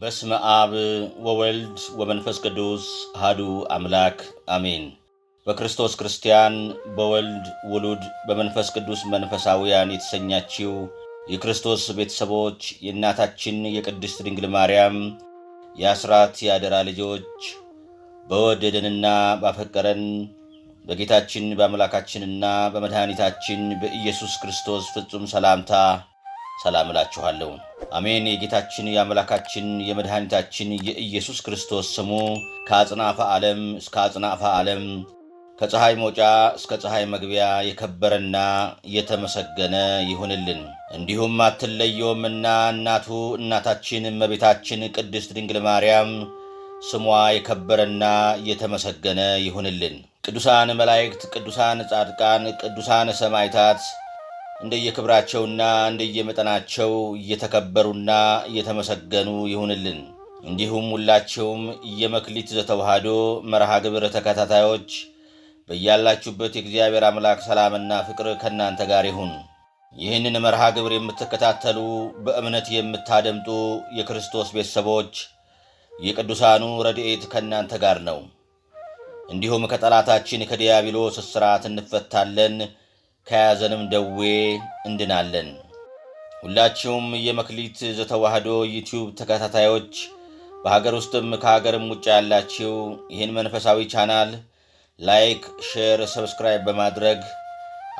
በስመ አብ ወወልድ ወመንፈስ ቅዱስ አሐዱ አምላክ አሜን። በክርስቶስ ክርስቲያን በወልድ ውሉድ በመንፈስ ቅዱስ መንፈሳውያን የተሰኛችው የክርስቶስ ቤተሰቦች የእናታችን የቅድስት ድንግል ማርያም የአስራት የአደራ ልጆች በወደደንና ባፈቀረን በጌታችን በአምላካችንና በመድኃኒታችን በኢየሱስ ክርስቶስ ፍጹም ሰላምታ ሰላም እላችኋለሁ። አሜን። የጌታችን የአምላካችን የመድኃኒታችን የኢየሱስ ክርስቶስ ስሙ ከአጽናፈ ዓለም እስከ አጽናፈ ዓለም ከፀሐይ መውጫ እስከ ፀሐይ መግቢያ የከበረና የተመሰገነ ይሁንልን። እንዲሁም አትለየውምና እናቱ እናታችን እመቤታችን ቅድስት ድንግል ማርያም ስሟ የከበረና የተመሰገነ ይሁንልን። ቅዱሳን መላእክት፣ ቅዱሳን ጻድቃን፣ ቅዱሳን ሰማዕታት እንደየክብራቸውና እንደየመጠናቸው እየተከበሩና እየተመሰገኑ ይሁንልን። እንዲሁም ሁላችሁም የመክሊት ዘተዋሕዶ መርሃ ግብር ተከታታዮች በያላችሁበት የእግዚአብሔር አምላክ ሰላምና ፍቅር ከእናንተ ጋር ይሁን። ይህንን መርሃ ግብር የምትከታተሉ በእምነት የምታደምጡ የክርስቶስ ቤተሰቦች የቅዱሳኑ ረድኤት ከእናንተ ጋር ነው። እንዲሁም ከጠላታችን ከዲያብሎስ እስራት እንፈታለን ከያዘንም ደዌ እንድናለን። ሁላችሁም የመክሊት ዘተዋህዶ ዩቲዩብ ተከታታዮች በሀገር ውስጥም ከሀገርም ውጭ ያላችሁ ይህን መንፈሳዊ ቻናል ላይክ፣ ሼር፣ ሰብስክራይብ በማድረግ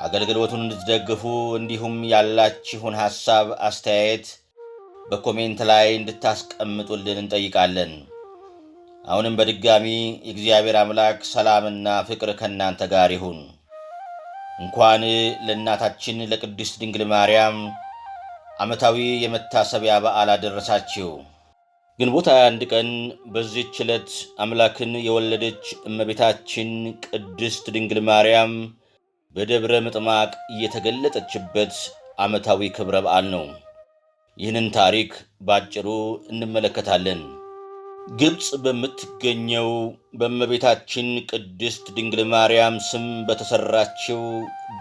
አገልግሎቱን እንድትደግፉ እንዲሁም ያላችሁን ሐሳብ አስተያየት በኮሜንት ላይ እንድታስቀምጡልን እንጠይቃለን። አሁንም በድጋሚ የእግዚአብሔር አምላክ ሰላምና ፍቅር ከእናንተ ጋር ይሁን። እንኳን ለእናታችን ለቅድስት ድንግል ማርያም ዓመታዊ የመታሰቢያ በዓል አደረሳችሁ። ግንቦት 21 ቀን በዚህ ዕለት አምላክን የወለደች እመቤታችን ቅድስት ድንግል ማርያም በደብረ ምጥማቅ እየተገለጠችበት ዓመታዊ ክብረ በዓል ነው። ይህንን ታሪክ ባጭሩ እንመለከታለን። ግብፅ በምትገኘው በእመቤታችን ቅድስት ድንግል ማርያም ስም በተሠራችው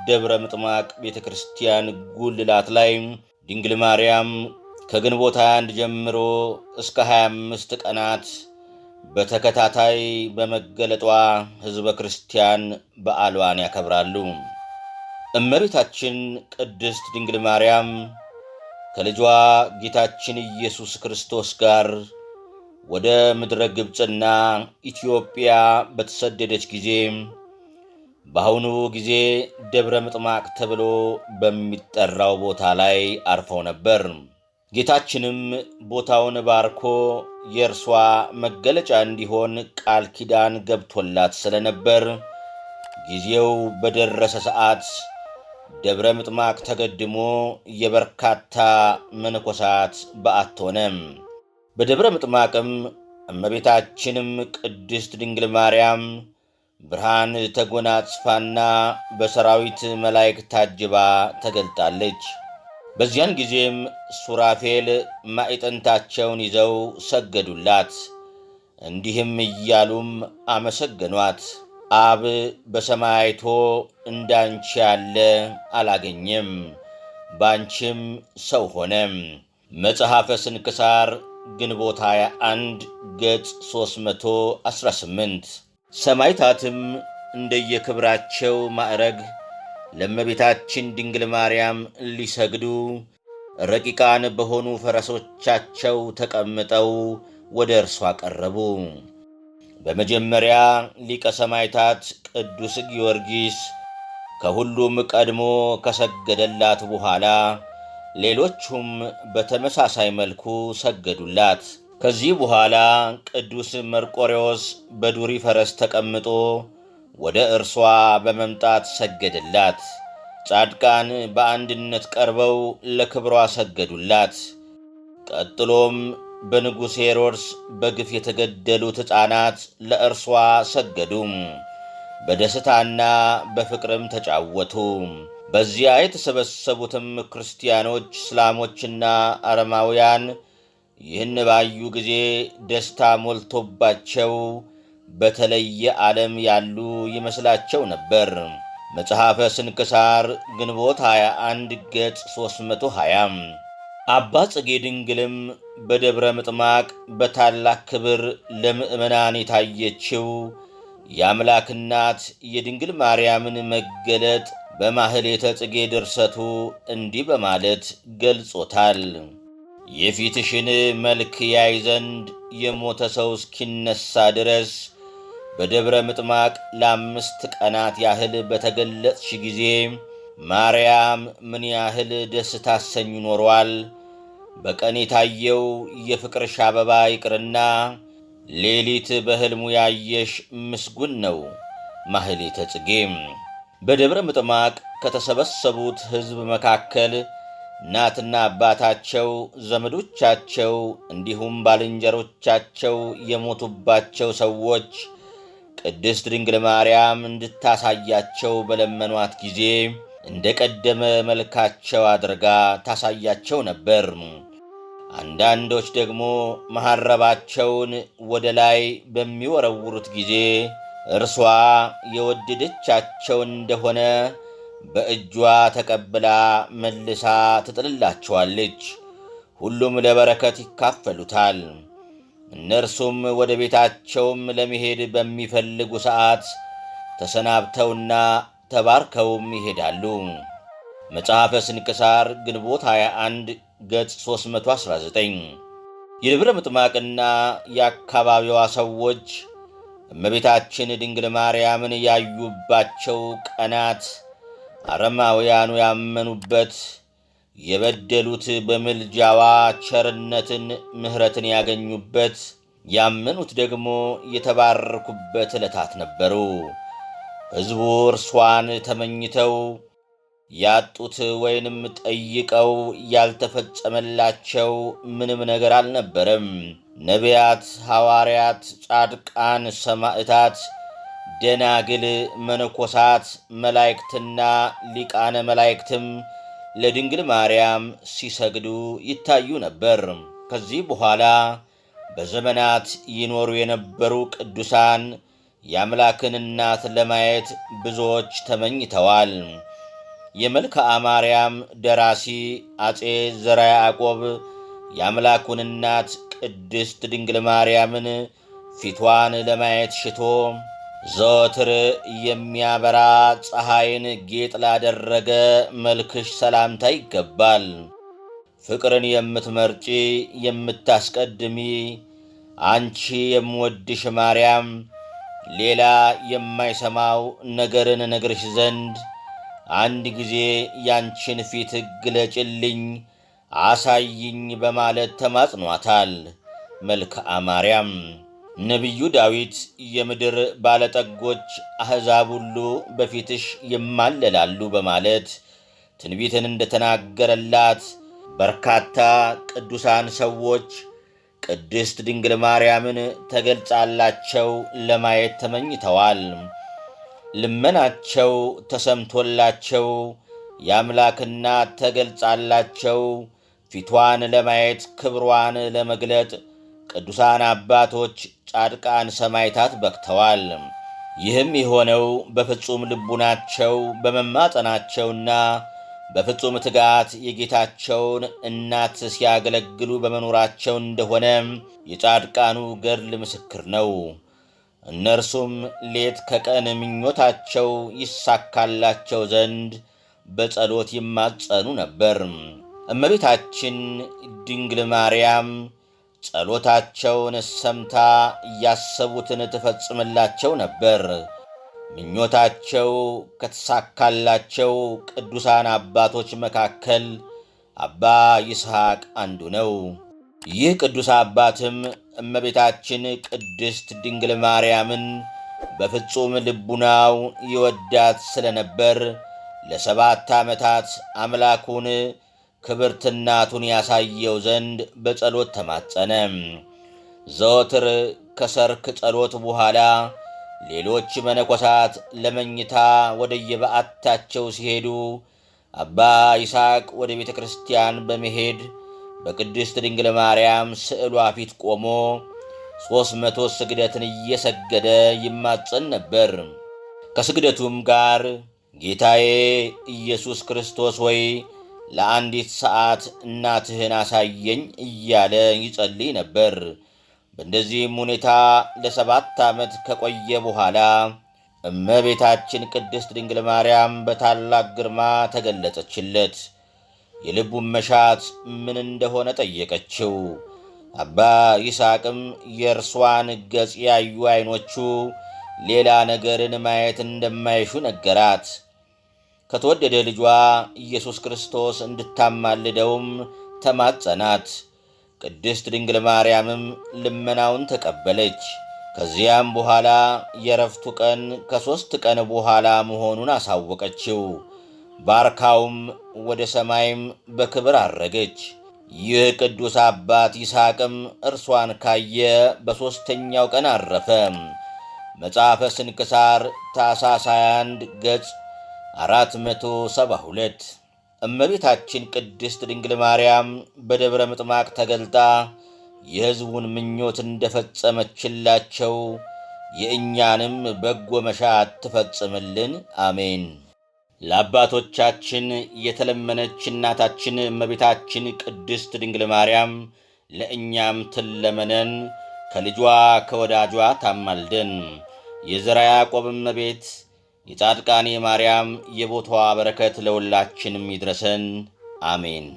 ደብረ ምጥማቅ ቤተ ክርስቲያን ጉልላት ላይ ድንግል ማርያም ከግንቦት 21 ጀምሮ እስከ 25 ቀናት በተከታታይ በመገለጧ ሕዝበ ክርስቲያን በዓሏን ያከብራሉ። እመቤታችን ቅድስት ድንግል ማርያም ከልጇ ጌታችን ኢየሱስ ክርስቶስ ጋር ወደ ምድረ ግብፅና ኢትዮጵያ በተሰደደች ጊዜ በአሁኑ ጊዜ ደብረ ምጥማቅ ተብሎ በሚጠራው ቦታ ላይ አርፈው ነበር። ጌታችንም ቦታውን ባርኮ የእርሷ መገለጫ እንዲሆን ቃል ኪዳን ገብቶላት ስለነበር ጊዜው በደረሰ ሰዓት ደብረ ምጥማቅ ተገድሞ የበርካታ መነኮሳት በዓት በደብረ ምጥማቅም እመቤታችንም ቅድስት ድንግል ማርያም ብርሃን ተጎናጽፋና በሰራዊት መላእክት ታጅባ ተገልጣለች። በዚያን ጊዜም ሱራፌል ማዕጠንታቸውን ይዘው ሰገዱላት። እንዲህም እያሉም አመሰገኗት። አብ በሰማይ አይቶ እንዳንቺ ያለ አላገኘም፣ ባንቺም ሰው ሆነም። መጽሐፈ ስንክሳር ግንቦት 21 ገጽ 318 ሰማይታትም እንደየክብራቸው ማዕረግ ለእመቤታችን ድንግል ማርያም ሊሰግዱ ረቂቃን በሆኑ ፈረሶቻቸው ተቀምጠው ወደ እርሷ ቀረቡ። በመጀመሪያ ሊቀ ሰማይታት ቅዱስ ጊዮርጊስ ከሁሉም ቀድሞ ከሰገደላት በኋላ ሌሎቹም በተመሳሳይ መልኩ ሰገዱላት። ከዚህ በኋላ ቅዱስ መርቆሬዎስ በዱሪ ፈረስ ተቀምጦ ወደ እርሷ በመምጣት ሰገደላት። ጻድቃን በአንድነት ቀርበው ለክብሯ ሰገዱላት። ቀጥሎም በንጉሥ ሄሮድስ በግፍ የተገደሉት ሕፃናት ለእርሷ ሰገዱም በደስታና በፍቅርም ተጫወቱ። በዚያ የተሰበሰቡትም ክርስቲያኖች፣ እስላሞችና አረማውያን ይህን ባዩ ጊዜ ደስታ ሞልቶባቸው በተለየ ዓለም ያሉ ይመስላቸው ነበር። መጽሐፈ ስንክሳር ግንቦት 21 ገጽ 320። አባ ጽጌ ድንግልም በደብረ ምጥማቅ በታላቅ ክብር ለምእመናን የታየችው የአምላክ እናት የድንግል ማርያምን መገለጥ በማኅሌተ ጽጌ ድርሰቱ እንዲህ በማለት ገልጾታል። የፊትሽን መልክ ያይ ዘንድ የሞተ ሰው እስኪነሳ ድረስ በደብረ ምጥማቅ ለአምስት ቀናት ያህል በተገለጽሽ ጊዜ ማርያም ምን ያህል ደስ ታሰኝ ኖሯል። በቀን የታየው የፍቅርሽ አበባ ይቅርና ሌሊት በሕልሙ ያየሽ ምስጉን ነው። ማኅሌተ ጽጌም በደብረ ምጥማቅ ከተሰበሰቡት ሕዝብ መካከል እናትና አባታቸው፣ ዘመዶቻቸው እንዲሁም ባልንጀሮቻቸው የሞቱባቸው ሰዎች ቅድስት ድንግል ማርያም እንድታሳያቸው በለመኗት ጊዜ እንደ ቀደመ መልካቸው አድርጋ ታሳያቸው ነበር። አንዳንዶች ደግሞ መሐረባቸውን ወደ ላይ በሚወረውሩት ጊዜ እርሷ የወደደቻቸው እንደሆነ በእጇ ተቀብላ መልሳ ትጥልላቸዋለች። ሁሉም ለበረከት ይካፈሉታል። እነርሱም ወደ ቤታቸውም ለመሄድ በሚፈልጉ ሰዓት ተሰናብተውና ተባርከውም ይሄዳሉ። መጽሐፈ ስንክሳር ግንቦት 21 ገጽ 319 የደብረ ምጥማቅና የአካባቢዋ ሰዎች እመቤታችን ድንግል ማርያምን ያዩባቸው ቀናት አረማውያኑ ያመኑበት የበደሉት በምልጃዋ ቸርነትን፣ ምሕረትን ያገኙበት ያመኑት ደግሞ የተባረኩበት ዕለታት ነበሩ። ሕዝቡ እርሷን ተመኝተው ያጡት ወይንም ጠይቀው ያልተፈጸመላቸው ምንም ነገር አልነበረም። ነቢያት፣ ሐዋርያት፣ ጻድቃን፣ ሰማዕታት፣ ደናግል፣ መነኮሳት፣ መላእክትና ሊቃነ መላእክትም ለድንግል ማርያም ሲሰግዱ ይታዩ ነበር። ከዚህ በኋላ በዘመናት ይኖሩ የነበሩ ቅዱሳን የአምላክን እናት ለማየት ብዙዎች ተመኝተዋል። የመልክአ ማርያም ደራሲ አፄ ዘርዓ ያዕቆብ የአምላኩን እናት ቅድስት ድንግል ማርያምን ፊቷን ለማየት ሽቶ ዘወትር የሚያበራ ፀሐይን ጌጥ ላደረገ መልክሽ ሰላምታ ይገባል። ፍቅርን የምትመርጪ የምታስቀድሚ አንቺ የምወድሽ ማርያም ሌላ የማይሰማው ነገርን ነግርሽ ዘንድ አንድ ጊዜ ያንቺን ፊት ግለጭልኝ አሳይኝ በማለት ተማጽኗታል። መልክአ ማርያም ነቢዩ ዳዊት የምድር ባለጠጎች አሕዛብ ሁሉ በፊትሽ ይማለላሉ በማለት ትንቢትን እንደተናገረላት በርካታ ቅዱሳን ሰዎች ቅድስት ድንግል ማርያምን ተገልጻላቸው ለማየት ተመኝተዋል። ልመናቸው ተሰምቶላቸው የአምላክ እናት ተገልጻላቸው ፊቷን ለማየት ክብሯን ለመግለጥ ቅዱሳን አባቶች፣ ጻድቃን፣ ሰማይታት በክተዋል። ይህም የሆነው በፍጹም ልቡናቸው በመማጠናቸውና በፍጹም ትጋት የጌታቸውን እናት ሲያገለግሉ በመኖራቸው እንደሆነ የጻድቃኑ ገድል ምስክር ነው። እነርሱም ሌት ከቀን ምኞታቸው ይሳካላቸው ዘንድ በጸሎት ይማጸኑ ነበር። እመቤታችን ድንግል ማርያም ጸሎታቸውን ሰምታ እያሰቡትን ትፈጽምላቸው ነበር። ምኞታቸው ከተሳካላቸው ቅዱሳን አባቶች መካከል አባ ይስሐቅ አንዱ ነው። ይህ ቅዱስ አባትም እመቤታችን ቅድስት ድንግል ማርያምን በፍጹም ልቡናው ይወዳት ስለነበር ለሰባት ዓመታት አምላኩን ክብርትናቱን ያሳየው ዘንድ በጸሎት ተማጸነ። ዘወትር ከሰርክ ጸሎት በኋላ ሌሎች መነኮሳት ለመኝታ ወደየበዓታቸው ሲሄዱ አባ ይስሐቅ ወደ ቤተ ክርስቲያን በመሄድ በቅድስት ድንግል ማርያም ስዕሏ ፊት ቆሞ ሦስት መቶ ስግደትን እየሰገደ ይማጸን ነበር። ከስግደቱም ጋር ጌታዬ ኢየሱስ ክርስቶስ ወይ ለአንዲት ሰዓት እናትህን አሳየኝ እያለ ይጸልይ ነበር። በእንደዚህም ሁኔታ ለሰባት ዓመት ከቆየ በኋላ እመቤታችን ቅድስት ድንግል ማርያም በታላቅ ግርማ ተገለጸችለት። የልቡን መሻት ምን እንደሆነ ጠየቀችው። አባ ይስሐቅም የእርሷን ገጽ ያዩ ዐይኖቹ ሌላ ነገርን ማየት እንደማይሹ ነገራት። ከተወደደ ልጇ ኢየሱስ ክርስቶስ እንድታማልደውም ተማጸናት። ቅድስት ድንግል ማርያምም ልመናውን ተቀበለች። ከዚያም በኋላ የረፍቱ ቀን ከሦስት ቀን በኋላ መሆኑን አሳወቀችው። ባርካውም ወደ ሰማይም በክብር አረገች። ይህ ቅዱስ አባት ይስሐቅም እርሷን ካየ በሦስተኛው ቀን አረፈ። መጽሐፈ ስንክሳር ታኅሳስ 21 ገጽ አራት መቶ ሰባ ሁለት እመቤታችን ቅድስት ድንግል ማርያም በደብረ ምጥማቅ ተገልጣ የሕዝቡን ምኞት እንደፈጸመችላቸው የእኛንም በጎ መሻት ትፈጽምልን፣ አሜን። ለአባቶቻችን የተለመነች እናታችን እመቤታችን ቅድስት ድንግል ማርያም ለእኛም ትለመነን፣ ከልጇ ከወዳጇ ታማልደን። የዘራ ያዕቆብ እመቤት የጻድቃኔ ማርያም የቦታዋ በረከት ለሁላችንም ይድረሰን። አሜን።